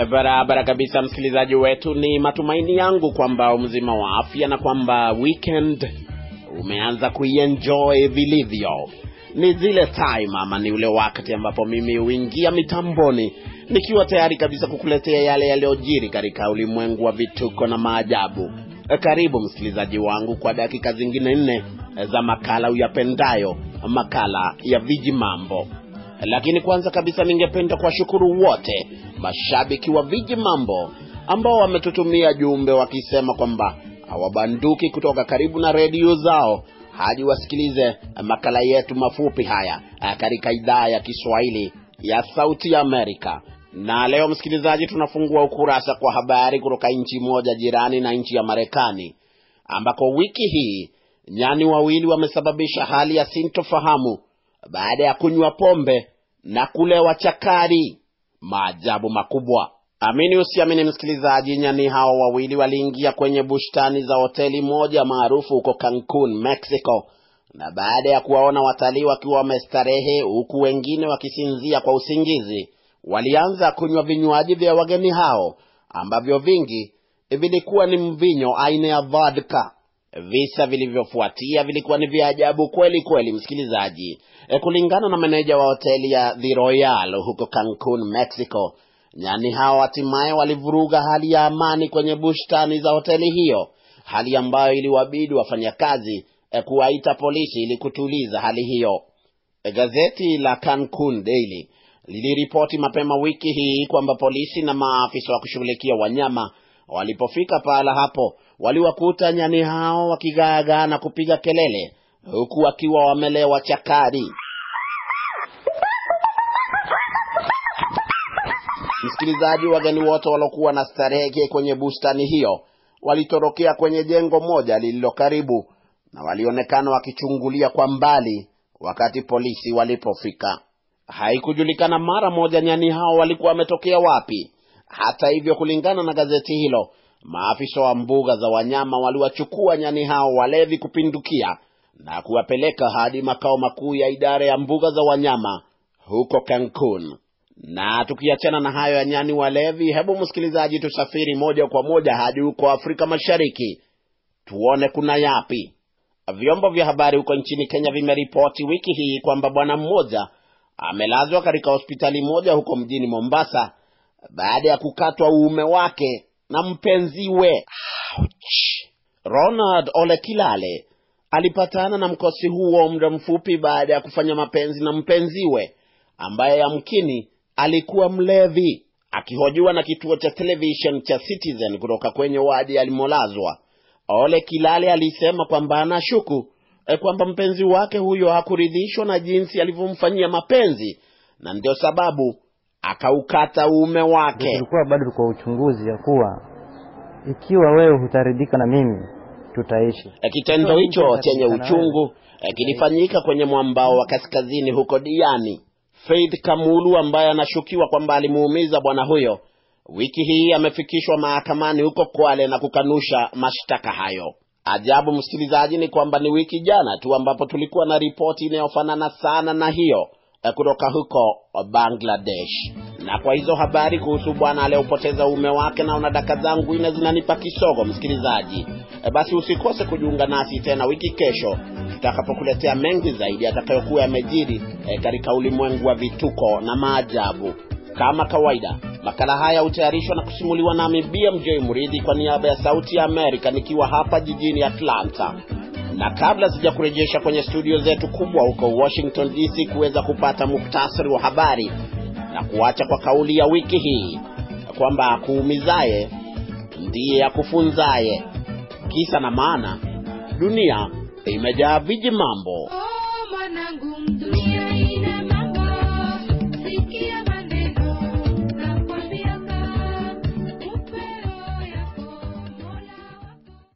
Eh, barabara kabisa, msikilizaji wetu, ni matumaini yangu kwamba umzima wa afya na kwamba weekend umeanza kuienjoy vilivyo. Ni zile time ama ni ule wakati ambapo mimi huingia mitamboni nikiwa tayari kabisa kukuletea yale yaliyojiri katika ulimwengu wa vituko na maajabu. Eh, karibu msikilizaji wangu kwa dakika zingine nne eh, za makala uyapendayo, makala ya viji mambo. Lakini kwanza kabisa ningependa kuwashukuru wote mashabiki wa Viji Mambo ambao wametutumia jumbe wakisema kwamba hawabanduki kutoka karibu na redio zao hadi wasikilize makala yetu mafupi haya eh, katika idhaa ya Kiswahili ya Sauti ya Amerika. Na leo msikilizaji, tunafungua ukurasa kwa habari kutoka nchi moja jirani na nchi ya Marekani ambako wiki hii nyani wawili wamesababisha hali ya sintofahamu baada ya kunywa pombe na kulewa chakari. Maajabu makubwa! Amini usiamini, msikilizaji, nyani hao wawili waliingia kwenye bustani za hoteli moja maarufu huko Cancun, Mexico, na baada ya kuwaona watalii wakiwa wamestarehe, huku wengine wakisinzia kwa usingizi, walianza kunywa vinywaji vya wageni hao ambavyo vingi vilikuwa ni mvinyo aina ya vodka. Visa vilivyofuatia vilikuwa ni vya ajabu kweli kweli, msikilizaji. E, kulingana na meneja wa hoteli ya The Royal huko Cancun, Mexico, nyani hao hatimaye walivuruga hali ya amani kwenye bustani za hoteli hiyo, hali ambayo iliwabidi wafanyakazi e, kuwaita polisi ili kutuliza hali hiyo. E, gazeti la Cancun Daily liliripoti mapema wiki hii kwamba polisi na maafisa wa kushughulikia wanyama walipofika pahala hapo waliwakuta nyani hao wakigaagaa na kupiga kelele huku wakiwa wamelewa chakari. Msikilizaji, wageni wote waliokuwa na starehe kwenye bustani hiyo walitorokea kwenye jengo moja lililo karibu na walionekana wakichungulia kwa mbali wakati polisi walipofika. Haikujulikana mara moja nyani hao walikuwa wametokea wapi. Hata hivyo, kulingana na gazeti hilo, maafisa wa mbuga za wanyama waliwachukua nyani hao walevi kupindukia na kuwapeleka hadi makao makuu ya idara ya mbuga za wanyama huko Cancun. Na tukiachana na hayo ya nyani walevi, hebu msikilizaji, tusafiri moja kwa moja hadi huko Afrika Mashariki tuone kuna yapi. Vyombo vya habari huko nchini Kenya vimeripoti wiki hii kwamba bwana mmoja amelazwa katika hospitali moja huko mjini Mombasa baada ya kukatwa uume wake na mpenziwe. Ouch. Ronald Ole Kilale alipatana na mkosi huo muda mfupi baada ya kufanya mapenzi na mpenziwe ambaye yamkini alikuwa mlevi. Akihojiwa na kituo cha television cha Citizen kutoka kwenye wadi alimolazwa, Ole Kilale alisema kwamba anashuku e, kwamba mpenzi wake huyo hakuridhishwa na jinsi alivyomfanyia mapenzi na ndio sababu akaukata uume wake. Tulikuwa bado kwa uchunguzi ya kuwa ikiwa wewe hutaridhika na mimi tutaishi. Eh, kitendo hicho chenye uchungu eh, kilifanyika kwenye mwambao wa kaskazini huko Diani. Faith Kamulu ambaye anashukiwa kwamba alimuumiza bwana huyo, wiki hii amefikishwa mahakamani huko Kwale na kukanusha mashtaka hayo. Ajabu msikilizaji, ni kwamba ni wiki jana tu ambapo tulikuwa na ripoti inayofanana sana na hiyo Eh, kutoka huko Bangladesh. Na kwa hizo habari kuhusu bwana aliyopoteza uume wake, naona daka zangu ine zinanipa kisogo, msikilizaji. E, basi usikose kujiunga nasi tena wiki kesho tutakapokuletea mengi zaidi atakayokuwa yamejiri e, katika ulimwengu wa vituko na maajabu. Kama kawaida, makala haya hutayarishwa na kusimuliwa nami BMJ Muridhi kwa niaba ya Sauti ya Amerika nikiwa hapa jijini Atlanta. Na kabla sijakurejesha kwenye studio zetu kubwa huko Washington DC kuweza kupata muktasari wa habari na kuacha kwa kauli ya wiki hii kwamba akuumizaye ndiye akufunzaye. Kisa na maana, dunia imejaa viji mambo. Oh,